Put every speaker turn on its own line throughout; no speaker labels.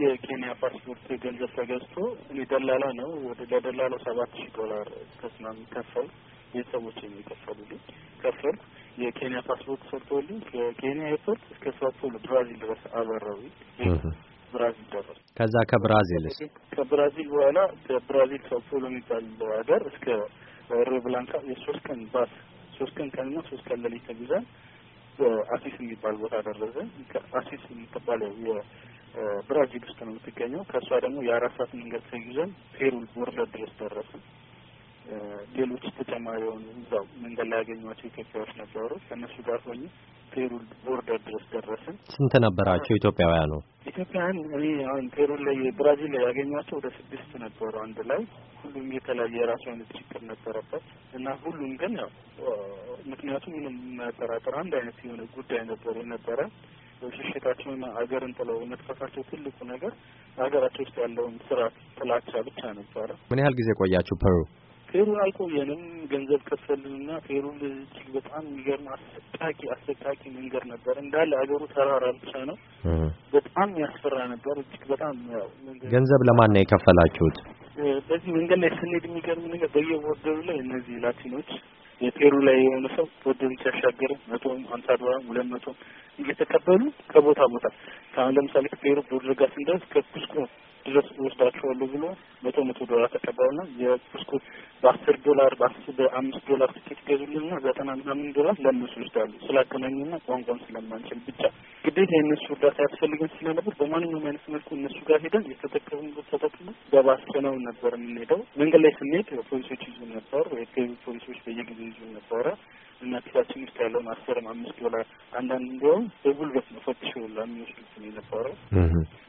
የኬንያ ፓስፖርት ገንዘብ ተገዝቶ እኔ ደላላ ነው ወደ ለደላላው ሰባት ሺህ ዶላር ተስማሚ ከፈል ቤተሰቦች የሚከፈሉልኝ ከፈል የኬንያ ፓስፖርት ሰርቶልኝ ከኬንያ ኤርፖርት እስከ ሳኦ ፖሎ ብራዚል ድረስ አበረሩኝ። ብራዚል ደረስ
ከዛ ከብራዚልስ
ከብራዚል በኋላ ከብራዚል ሳኦ የሚባል ሀገር እስከ ሪዮ ብላንካ የሶስት ቀን ባስ ሶስት ቀን ቀንና ሶስት ቀን ሌሊት ተጉዘን አሲስ የሚባል ቦታ ደረሰን። አሲስ የምትባለው ብራዚል ውስጥ ነው የምትገኘው። ከእሷ ደግሞ የአራት ሰዓት መንገድ ተይዘን ፔሩ ወርደት ድረስ ደረስ። ሌሎች ተጨማሪ የሆኑ እዛው መንገድ ላይ ያገኟቸው ኢትዮጵያዎች ነበሩ። ከእነሱ ጋር ሆኝ ፔሩ ቦርደር ድረስ ደረስን።
ስንት ነበራቸው ኢትዮጵያውያኑ?
ኢትዮጵያውያን እኔ አሁን ፔሩ ላይ ብራዚል ላይ ያገኟቸው ወደ ስድስት ነበሩ አንድ ላይ። ሁሉም የተለያየ የራሱ አይነት ችግር ነበረበት እና ሁሉም ግን ያው ምክንያቱም ምንም መጠራጠር አንድ አይነት የሆነ ጉዳይ ነበሩ ነበረ ሽሽታቸውን አገርን ጥለው መጥፋታቸው ትልቁ ነገር ሀገራቸው ውስጥ ያለውን ስርዓት ጥላቻ ብቻ ነበረ።
ምን ያህል ጊዜ ቆያችሁ ፐሩ?
ፔሩን አልቆየንም። ገንዘብ ከፈልንና ፔሩን እጅግ በጣም የሚገርም አሰቃቂ አሰቃቂ መንገድ ነበር። እንዳለ አገሩ ተራራ ብቻ ነው። በጣም ያስፈራ ነበር። እጅግ በጣም ያው
ገንዘብ ለማን ነው የከፈላችሁት?
በዚህ መንገድ ላይ ስንሄድ የሚገርም ነገር በየቦርደሩ ላይ እነዚህ ላቲኖች የፔሩ ላይ የሆነ ሰው ቦርደሩን ሲያሻገር መቶ አምሳ ዶላ ሁለት መቶ እየተቀበሉ ከቦታ ቦታ ከአሁን ለምሳሌ ከፔሩ ቦርደር ጋር ስንደርስ ከኩስኮ ድረስ ወስዳቸዋለሁ ብሎ መቶ መቶ ዶላር ተቀባዩና የኩስኮ በአስር ዶላር በአምስት ዶላር ትኬት ገዙልንና ዘጠና ምናምን ዶላር ለእነሱ ይወስዳሉ ስላገናኙና ቋንቋም ስለማንችል ብቻ ግዴታ የእነሱ እርዳታ ያስፈልግን ስለነበር በማንኛውም አይነት መልኩ እነሱ ጋር ሄደን የተጠቀሙ ተጠቅሙ በባስቸነው ነበር የምንሄደው። መንገድ ላይ ስንሄድ ፖሊሶች ይዙ ነበር፣ የተገቢ ፖሊሶች በየጊዜ ይዙ ነበረ እና ኪሳችን ውስጥ ያለውን አስርም አምስት ዶላር አንዳንድ እንዲያውም በጉልበት ነው ፈትሸው ላሚዎች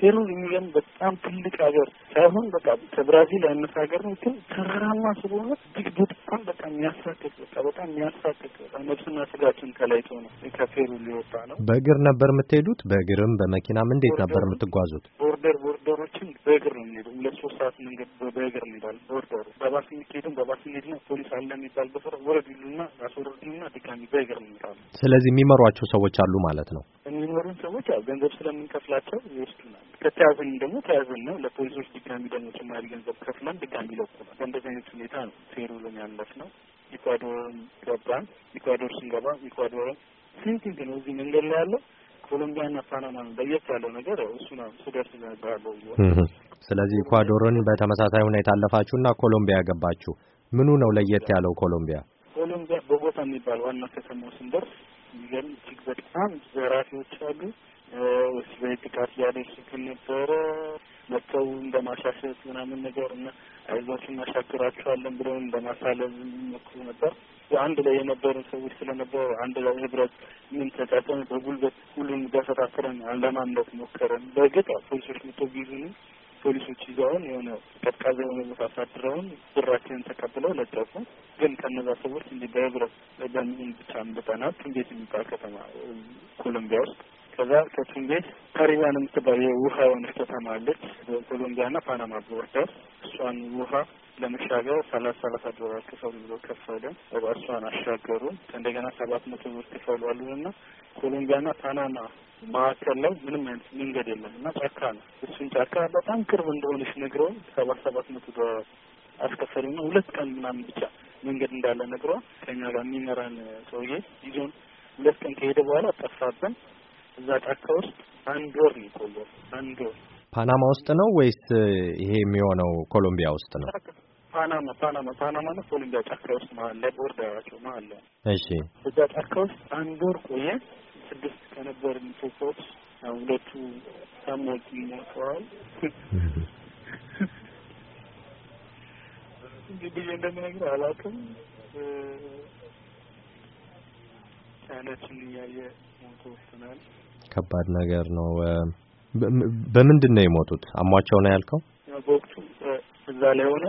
ፔሩ የሚገርም በጣም ትልቅ ሀገር ሳይሆን በቃ ከብራዚል አይነት ሀገር ነው፣ ግን ተራራማ ስለሆነ እጅግ በጣም በቃ የሚያሳቅቅ በቃ በጣም የሚያሳቅቅ ነብስና ስጋችን ተለይቶ ነው ከፔሩ ሊወጣ ነው።
በእግር ነበር የምትሄዱት? በእግርም በመኪናም እንዴት ነበር የምትጓዙት?
ቦርደር ቦርደሮችን በእግር ነው የሚሄዱ። ሁለት ሶስት ሰዓት መንገድ በእግር እንሄዳለን። ቦርደሩ በባስ የሚካሄድም በባስ እንሄድና ፖሊስ አለ የሚባል በሰራ ወረድ ይሉና አስወረዱና ድጋሚ በእግር እንሄዳለን።
ስለዚህ የሚመሯቸው ሰዎች አሉ ማለት ነው።
የሚመሩን ሰዎች ገንዘብ ስለምንከፍላቸው ይወስዱናል። ለተያዘኝ ደግሞ ተያዘን ነው ለፖሊሶች ድጋሚ ደግሞ ጭማሪ ገንዘብ ከፍለን ድጋሚ ለቁናል። በእንደዚህ አይነት ሁኔታ ነው ፔሩልን ያለፍ ነው። ኢኳዶርን ገባን። ኢኳዶር ስንገባ ኢኳዶርን ስንቲንግ ነው እዚህ መንገድ ላይ ያለው ኮሎምቢያና ፓናማ ለየት ያለው ነገር እሱ ነው። ስደርስ ነባለው
ስለዚህ ኢኳዶርን በተመሳሳይ ሁኔታ አለፋችሁ አለፋችሁና ኮሎምቢያ ገባችሁ። ምኑ ነው ለየት ያለው ኮሎምቢያ?
ኮሎምቢያ ቦጎታ የሚባል ዋና ከተማው ስንደርስ የሚገርም እጅግ በጣም ዘራፊዎች አሉ። ውስጥ ላይ ጥቃት ያደርሱብን ነበረ። መተው እንደማሻሸት ምናምን ነገር እና አይዟችሁ እናሻግራቸዋለን ብለን እንደማሳለብ ይሞክሩ ነበር። አንድ ላይ የነበሩ ሰዎች ስለነበሩ አንድ ላይ ህብረት ምን ተጣጠም በጉልበት ሁሉም ገፈታትረን ለማምለጥ ሞከረን። በእርግጥ ፖሊሶች መጥተው ቢይዙንም ፖሊሶች ይዘውን የሆነ ቀጥቃዘ የሆነ ቦታ አሳድረውን ብራችንን ተቀብለው ለጠፉ። ግን ከነዛ ሰዎች እንዲህ በህብረት በሚሆን ብቻ ምልጠናት እንዴት የሚባል ከተማ ኮሎምቢያ ውስጥ ከዛ ከቱም ካሪባን የምትባል የውሃ የሆነች ከተማ አለች በኮሎምቢያ ና ፓናማ ቦርደር። እሷን ውሃ ለመሻገር ሰላሳ ሰላሳ ዶላር ክፈሉ ብሎ ከፈልን። እሷን አሻገሩን። እንደገና ሰባት መቶ ብር ክፈሉ ኮሎምቢያ ና ፓናማ መካከል ላይ ምንም አይነት መንገድ የለም እና ጫካ ነው። እሱን ጫካ በጣም ቅርብ እንደሆነች ነግረው ሰባት ሰባት መቶ ዶላር ና ሁለት ቀን ምናምን ብቻ መንገድ እንዳለ ነግሯ ከኛ ጋር የሚመራን ሰውዬ ይዞን ሁለት ቀን ከሄደ በኋላ ጠፋብን። እዛ ጫካ ውስጥ አንድ ወር ነው የቆየው። አንድ ወር
ፓናማ ውስጥ ነው ወይስ ይሄ የሚሆነው ኮሎምቢያ ውስጥ ነው?
ፓናማ ፓናማ ፓናማ ነው ኮሎምቢያ ጫካ ውስጥ መሀል ላይ ቦርደራቸው መሀል ላይ። እሺ እዛ ጫካ ውስጥ አንድ ወር ቆየ። ስድስት ከነበሩ ሰዎች ሁለቱ ታሞች ሞተዋል። እንግዲህ እንደምነግርህ አላውቅም አይናችን እያየ ሞቶ ወጥተናል።
ከባድ ነገር ነው። በምንድን ነው የሞቱት? አሟቸው ነው ያልከው?
በወቅቱ እዛ ላይ ሆነ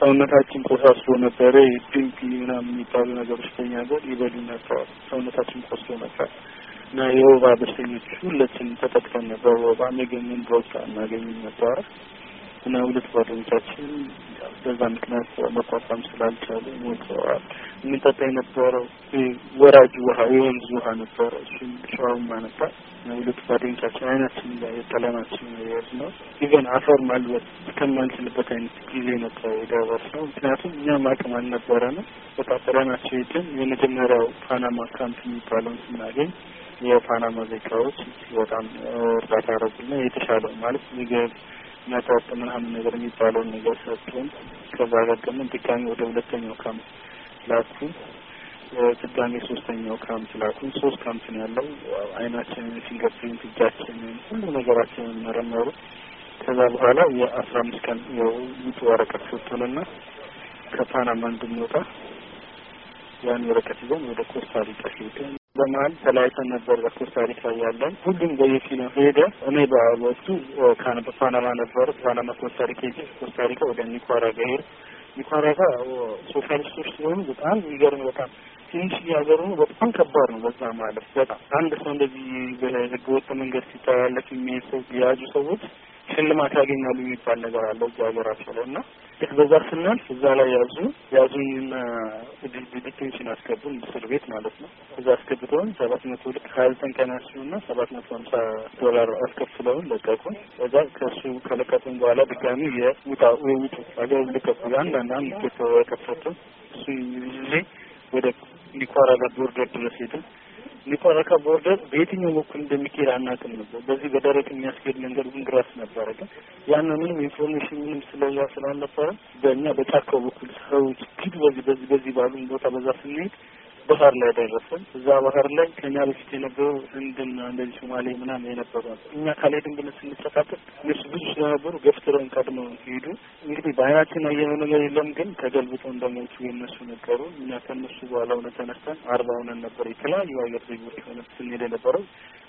ሰውነታችን ቆሳስሎ ነበረ። ድንክ ምናምን የሚባሉ ነገር በኛ ጋር ይበሉ ነበረዋል። ሰውነታችን ቆስሎ ነበር እና የወባ በሽተኞች ሁለችን ተጠቅተን ነበር። ወባ መገኘን በወቅቱ አናገኝም ነበረ እና ሁለት ጓደኞቻችን በዛ ምክንያት መቋቋም ስላልቻሉ ሞተዋል። የሚጠጣ የነበረው ወራጅ ውሃ የወንዝ ውሃ ነበረ። እሱም ሸዋውማ ነበር። ሁለት ጓደኞቻችን አይናችን ላይ የጠለናችን የያዝ ነው። ኢቨን አፈር ማልበት እስከማንችልበት አይነት ጊዜ ነበር ነው። ምክንያቱም እኛም አቅም አልነበረንም። በቃ ጥለናቸው ሄድን። የመጀመሪያው ፓናማ ካምፕ የሚባለውን ስናገኝ የፓናማ ዜጋዎች በጣም እርዳታ ያደረጉልን የተሻለው ማለት ምግብ መጠጥ ምናምን ነገር የሚባለውን ነገር ሰጡን። ከዛ ገገምን ድጋሚ ወደ ሁለተኛው ካምፕ ላኩን። ድጋሜ ሶስተኛው ካምፕ ላኩን። ሶስት ካምፕ ነው ያለው። አይናችንን፣ ፊንገር ፕሪንት፣ እጃችንን፣ ሁሉ ነገራችንን መረመሩ። ከዛ በኋላ የአስራ አምስት ቀን የውጡ ወረቀት ሰጡንና ከፓናማ እንድንወጣ ያን ወረቀት ይዘን ወደ ኮስታሪካ ሄደን በመሀል ተለያይተን ነበር። በስፖርት ታሪክ ላይ ያለን ሁሉም በየፊናው ሄደ። እኔ በወቅቱ ፓናማ ነበር። ፓናማ ስፖርት ታሪክ ሄጄ ስፖርት ታሪክ ወደ ኒካራጋ ሄድ ኒካራጋ ሶሻሊስቶች ሲሆኑ በጣም ይገርም በጣም ትንሽ ሀገር ነው። በጣም ከባድ ነው። በዛ ማለት በጣም አንድ ሰው እንደዚህ በህገወጥ መንገድ ሲተላለፍ የሚሄድ ሰው የያዙ ሰዎች ሽልማት ያገኛሉ የሚባል ነገር አለው እዚህ ሀገራቸው ላይ እና ልክ በዛ ስናልፍ እዛ ላይ ያዙ ያዙኝና ዲቴንሽን አስገቡን እስር ቤት ማለት ነው። እዛ አስገብተውን ሰባት መቶ ልክ ሀያ ዘጠኝ ቀን ያስሉና ሰባት መቶ ሀምሳ ዶላር አስከፍለውን ለቀቁን። እዛ ከሱ ከለቀቱን በኋላ ድጋሚ የውጣ ውጡ አገር ልቀቁ አንዳንድ አንድ ከፈቱ እሱ ጊዜ ወደ ኒኳራ ቦርደር ድረስ ሄድን። ሊፈረካ ቦርደር በየትኛው በኩል እንደሚካሄድ አናውቅም ነበር። በዚህ በደረቅ የሚያስኬድ መንገድ ግን ግራስ ነበረ። ግን ያን ምንም ኢንፎርሜሽን ምንም ስለዛ ስላልነበረ በእኛ በጫካው በኩል ሰዎች ግድ በዚህ በዚህ በዚህ ባሉን ቦታ በዛ ስንሄድ ባህር ላይ ደረስን። እዛ ባህር ላይ ከኛ በፊት የነበሩ ህንድና እንደዚህ ሶማሌ ምናምን የነበሩ እኛ ካልሄድን ብለን ስንጠቃቀቅ እነሱ ብዙ ስለነበሩ ገፍትረውን ቀድመው ሄዱ። እንግዲህ በአይናችን አየነው ነገር የለም ግን ተገልብጦ እንደሞቹ የነሱ ነገሩ። እኛ ከነሱ በኋላ ሆነ ተነስተን አርባ ሆነን ነበር የተለያዩ አየር ዜጎች ሆነ ስንሄድ የነበረው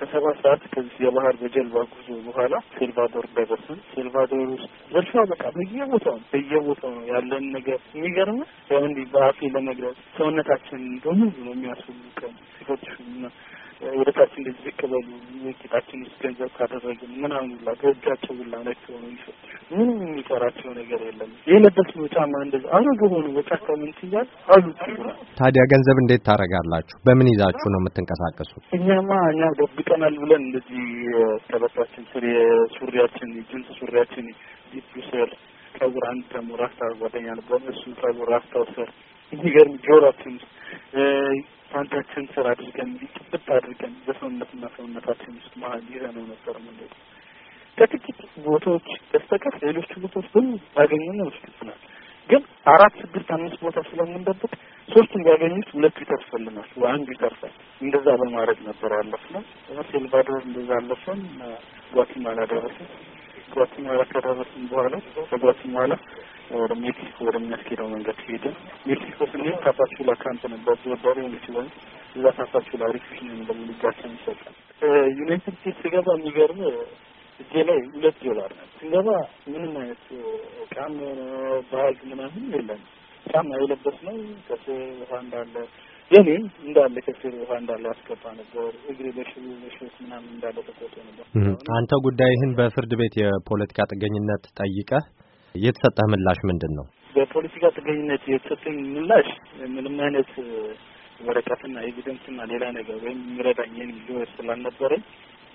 ከሰባት ሰዓት ከዚህ የባህር በጀልባ ጉዞ በኋላ ሴልቫዶር ደረስን። ሴልቫዶር ውስጥ በርሻ በቃ በየቦታው በየቦታው ነው ያለን ነገር የሚገርም ያው እንዲህ በአፌ ለመግለጽ ሰውነታችን እንደሆነ ነው የሚያስፈልቀን ሴቶች ወደ ታች እንደዚህ ዝቅ በሉ ጌጣችን ውስጥ ገንዘብ ካደረግን ምናምን ሁላ ከእጃቸው ሁላ ነክ ሆነ ይፈትሹ ምንም የሚቀራቸው ነገር የለም። የለበስነው ጫማ እንደዚ አረግ ሆኑ በጫካ ምን ትያል አሉ።
ታዲያ ገንዘብ እንዴት ታደርጋላችሁ? በምን ይዛችሁ ነው የምትንቀሳቀሱት?
እኛማ እኛ ደብቀ ይበቃናል ብለን እንደዚህ ከበታችን ስር የሱሪያችን ጅንስ ሱሪያችን ዲፕ ስር ጸጉር አንድ ደግሞ ራስታ ጓደኛ ነበር እሱ ጸጉር ራስታው ስር የሚገርም ጆሮችን ፓንታችን ስር አድርገን ጥብጥ አድርገን በሰውነትና ሰውነታችን ውስጥ መሀል ይዘ ነው ነበር ምንድ ከጥቂት ቦታዎች በስተቀር ሌሎቹ ቦታዎች ብዙ ያገኘ ነው ስክትናል ግን አራት ስድስት አምስት ቦታ ስለምንደብቅ ሶስቱን ቢያገኙት ሁለቱ ይተርፈልናል፣ አንዱ ይተርፋል። እንደዛ በማድረግ ነበር ያለፍነው። ኤልቫዶር እንደዛ አለፈን። ጓቲማላ ደረስን። ጓቲማላ ከደረስን በኋላ ከጓቲማላ ወደ ሜክሲኮ ወደሚያስኬደው መንገድ ሄድን። ሜክሲኮ ስንሄድ ታፓቹላ ካምፕ ነበር ዘበሩ የሚችለን እዛ ታፓቹላ ሪፊሽን እንደሚጋሰ ይሰጣል። ዩናይትድ ስቴትስ ስገባ የሚገርም እጄ ላይ ሁለት ዶላር ነው። ስንገባ ምንም አይነት ቃም ባግ ምናምን የለም። ቃም አይለበስ ነው። ከስር ውሃ እንዳለ የኔም እንዳለ ከስር ውሃ እንዳለ አስገባ ነበር። እግሬ በሽ በሽት ምናምን እንዳለ ተቆጦ ነበር።
አንተ ጉዳይህን በፍርድ ቤት የፖለቲካ ጥገኝነት ጠይቀህ የተሰጠህ ምላሽ ምንድን ነው?
በፖለቲካ ጥገኝነት የተሰጠኝ ምላሽ ምንም አይነት ወረቀትና ኤቪደንስና ሌላ ነገር ወይም የሚረዳኝ ይህን ስላልነበረኝ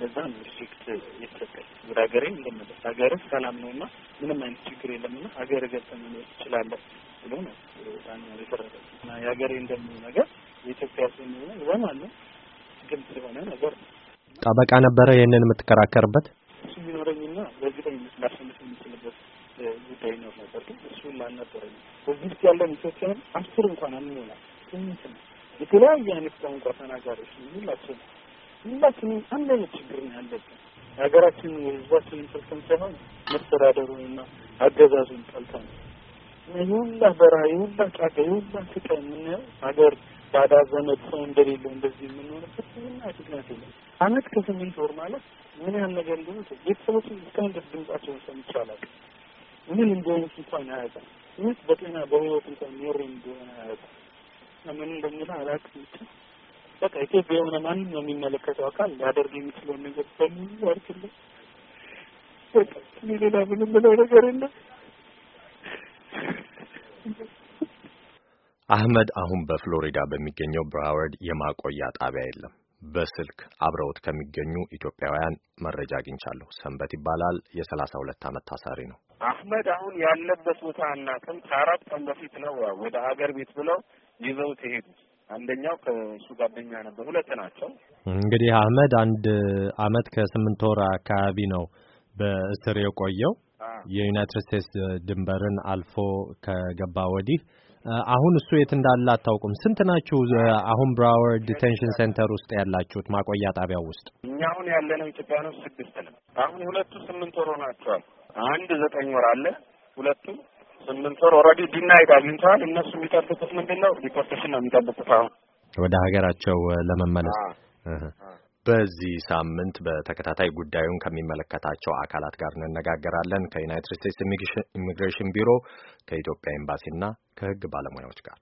ለዛ ሪስፔክት የተሰጠኝ። ወደ ልመለስ፣ ሀገር ሰላም ነው እና ምንም አይነት ችግር የለም እና ሀገር ገብተህ መኖር ትችላለህ ብሎ ነው የተረዳ እና የሀገሬ ነገር የኢትዮጵያ ስ ሆነ ዘማን ነው ግልጽ የሆነ ነገር ነው።
ጠበቃ ነበረ ይህንን የምትከራከርበት
እሱ ቢኖረኝና በእርግጠኝነት ላሸንፍ የምችልበት ጉዳይ ይኖር ነበር፣ ግን እሱን ላልነበረኝ በዚህ ውስጥ ያለን ኢትዮጵያን አስር እንኳን አንሆናል ስምንት ነው የተለያየ አይነት ቋንቋ ተናጋሪዎች ሁላችን ሁላችንም አንድ አይነት ችግር ነው ያለብን። የሀገራችን የህዝባችንን ጠልተን ሳይሆን መስተዳደሩንና አገዛዙን ጠልተን የሁላ በረሃ የሁላ ጫካ የሁላ ስቃይ የምናየው ሀገር ባዳ ዘመድ ሰው እንደሌለው እንደዚህ የምንሆንበት ምና ምክንያት የለም። አመት ከስምንት ወር ማለት ምን ያህል ነገር እንደሆነ ቤተሰቦች እስካሁን ድረስ ድምጻቸውን ሰምቼ አላውቅም። ምን እንደሆኑት እንኳን አያውቅም። እውነት በጤና በህይወት እንኳን ኖሬ እንደሆነ አያውቅም። ምን እንደሚለ አላውቅም ብቻ በቃ ኢትዮጵያ የሆነ ማንም የሚመለከተው አካል ሊያደርግ የሚችለውን ነገር በሙሉ አርክለ በቃ ሌላ ምንም ምለው ነገር የለም።
አህመድ አሁን በፍሎሪዳ በሚገኘው ብራወርድ የማቆያ ጣቢያ የለም። በስልክ አብረውት ከሚገኙ ኢትዮጵያውያን መረጃ አግኝቻለሁ። ሰንበት ይባላል። የሰላሳ ሁለት አመት ታሳሪ ነው።
አህመድ አሁን ያለበት ቦታ አናውቅም። ከአራት ቀን በፊት ነው ወደ ሀገር ቤት ብለው ይዘውት የሄዱት። አንደኛው ከእሱ ጓደኛ ነበር። ሁለት ናቸው።
እንግዲህ አህመድ አንድ አመት ከስምንት ወር አካባቢ ነው በእስር የቆየው የዩናይትድ ስቴትስ ድንበርን አልፎ ከገባ ወዲህ። አሁን እሱ የት እንዳለ አታውቁም? ስንት ናችሁ አሁን ብራወር ዲቴንሽን ሴንተር ውስጥ ያላችሁት ማቆያ ጣቢያው ውስጥ?
እኛ አሁን ያለነው ኢትዮጵያኖች ስድስት ነን። አሁን ሁለቱ ስምንት ወር ሆናቸዋል። አንድ ዘጠኝ ወር አለ። ሁለቱ ስምንት ወር ኦልሬዲ ዲናይድ አግኝተዋል። እነሱ የሚጠብቁት ምንድን ነው? ዲፖርቴሽን ነው የሚጠብቁት አሁን
ወደ ሀገራቸው ለመመለስ። በዚህ ሳምንት በተከታታይ ጉዳዩን ከሚመለከታቸው አካላት ጋር እንነጋገራለን ከዩናይትድ ስቴትስ ኢሚግሬሽን ቢሮ፣ ከኢትዮጵያ ኤምባሲና ከህግ ባለሙያዎች ጋር